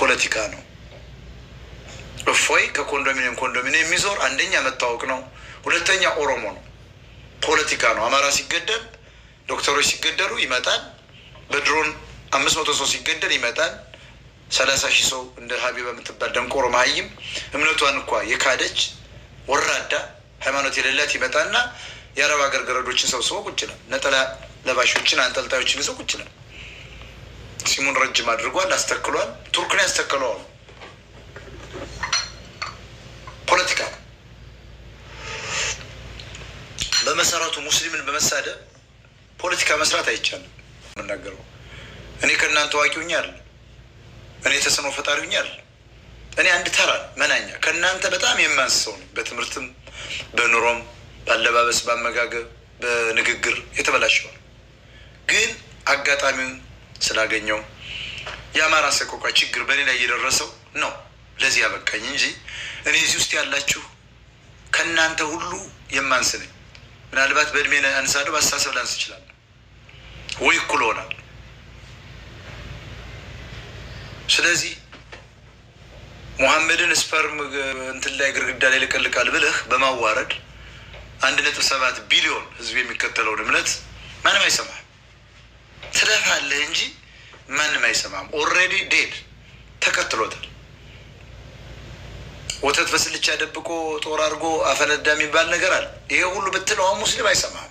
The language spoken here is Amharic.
ፖለቲካ ነው። እፎይ ከኮንዶሚኒየም ኮንዶሚኒየም የሚዞር አንደኛ መታወቅ ነው። ሁለተኛ ኦሮሞ ነው። ፖለቲካ ነው። አማራ ሲገደል፣ ዶክተሮች ሲገደሉ ይመጣል። በድሮን አምስት መቶ ሰው ሲገደል ይመጣል። ሰላሳ ሺህ ሰው እንደ ሀቢ በምትባል ደንቆሮ መሀይም እምነቷን እንኳ የካደች ወራዳ ሃይማኖት የሌላት ይመጣና የአረብ ሀገር ገረዶችን ሰብስቦ ቁጭ ነጠላ ለባሾችን አንጠልጣዮችን ይዘው ቁጭ ሲሙን ረጅም አድርጓል፣ አስተክሏል። ቱርክ የተከለከሉ ፖለቲካ በመሰረቱ ሙስሊምን በመሳደብ ፖለቲካ መስራት አይቻልም። የምናገረው እኔ ከእናንተ አዋቂ አለ እኔ ተጽዕኖ ፈጣሪ አለ እኔ አንድ ተራ መናኛ ከእናንተ በጣም የማንስ ሰው ነኝ። በትምህርትም፣ በኑሮም፣ በአለባበስ፣ በአመጋገብ፣ በንግግር የተበላሸዋል። ግን አጋጣሚውን ስላገኘው የአማራ ሰቆቃ ችግር በእኔ ላይ የደረሰው ነው ለዚህ ያበቃኝ እንጂ እኔ እዚህ ውስጥ ያላችሁ ከእናንተ ሁሉ የማንስ ነኝ። ምናልባት በእድሜ አንሳለሁ፣ በአስተሳሰብ ላንስ ይችላል ወይ እኩል ሆናል። ስለዚህ ሙሐመድን ስፐርም እንትን ላይ ግርግዳ ላይ ልቀልቃል ብለህ በማዋረድ አንድ ነጥብ ሰባት ቢሊዮን ህዝብ የሚከተለውን እምነት ማንም አይሰማህም። ትለፋለህ እንጂ ማንም አይሰማም። ኦልሬዲ ዴድ ተከትሎታል። ወተት በስልቻ ደብቆ ጦር አድርጎ አፈነዳ የሚባል ነገር አለ። ይሄ ሁሉ ብትለው ሙስሊም አይሰማም።